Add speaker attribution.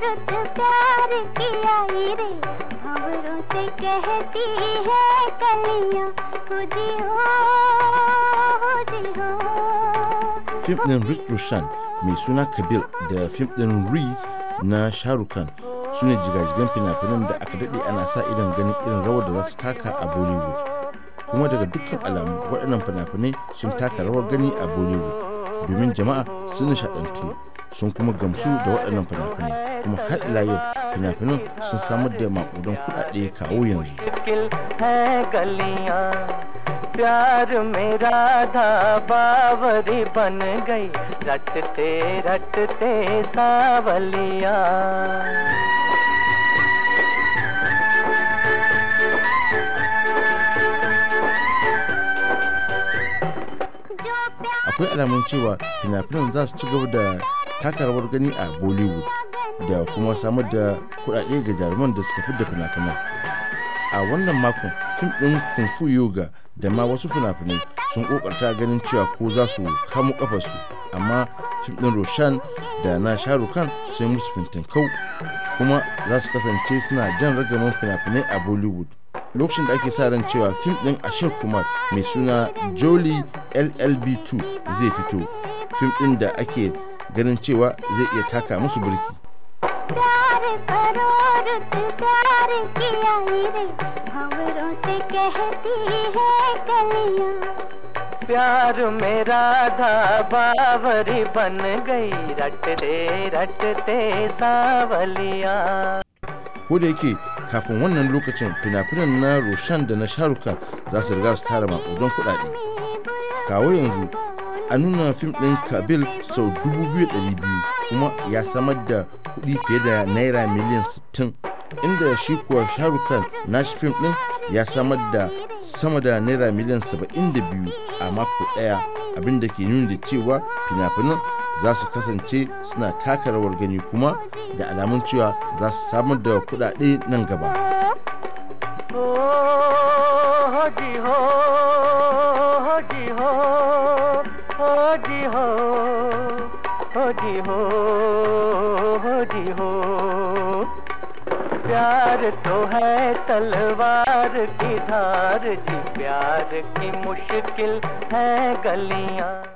Speaker 1: औरत प्यार रे खबरों से कहती है कलिया खुजी
Speaker 2: हो खुजी हो Fim ɗin Rich Roshan mai suna Kabil da fim ɗin Reed na Sharukan su ne jigajigan fina-finan da aka daɗe ana sa idan ganin irin rawar da za su taka a Bollywood. Kuma daga dukkan alamu waɗannan fina sun taka rawar gani a Bollywood domin jama'a sun nishaɗantu sun kuma gamsu da waɗannan fina-finai kuma har ila yau fina-finan sun samar da maƙudan kuɗaɗe kawo yanzu.
Speaker 3: प्यार मेरा था बावरी बन गई रटते रटते सावलिया
Speaker 2: जो प्यार अपने अलमंची वा फिनापिन जस्ट गुड़ taka rawar gani a bollywood da kuma samar da kudade ga jaruman da suka fidda fina-finan a wannan makon fim ɗin kung fu yoga da ma wasu fina-finai sun kokarta ganin cewa ko za su kamo kafarsu amma fim ɗin roshan da na sharukan sai musu fintinkau kuma za su kasance suna jan ragaman fina-finai a bollywood lokacin da ake sa ran cewa fim ɗin ashir kumar mai suna jolly llb2 zai fito fim ɗin da ake ganin cewa zai iya taka musu birki
Speaker 3: प्यार मेरा धा बावरी बन गई रटते रटते Savaliya
Speaker 2: ko da yake kafin wannan lokacin fina-finan na roshan da na sharukan za su riga su tara makudan kuɗaɗe kawo yanzu a nuna fim ɗin kabil sau 2,200 kuma ya samar da kuɗi fiye da naira miliyan 60 inda shi kuwa sharukan nashi fim ɗin ya samar da sama da naira miliyan 72 a mako ɗaya abinda ke nuna da cewa fina-finan za su kasance suna taka rawar gani kuma da alamun cewa za su samar da kuɗaɗe nan gaba.
Speaker 3: हो जी हो हो जी हो हो जी हो प्यार तो है तलवार की धार जी प्यार की मुश्किल है गलियां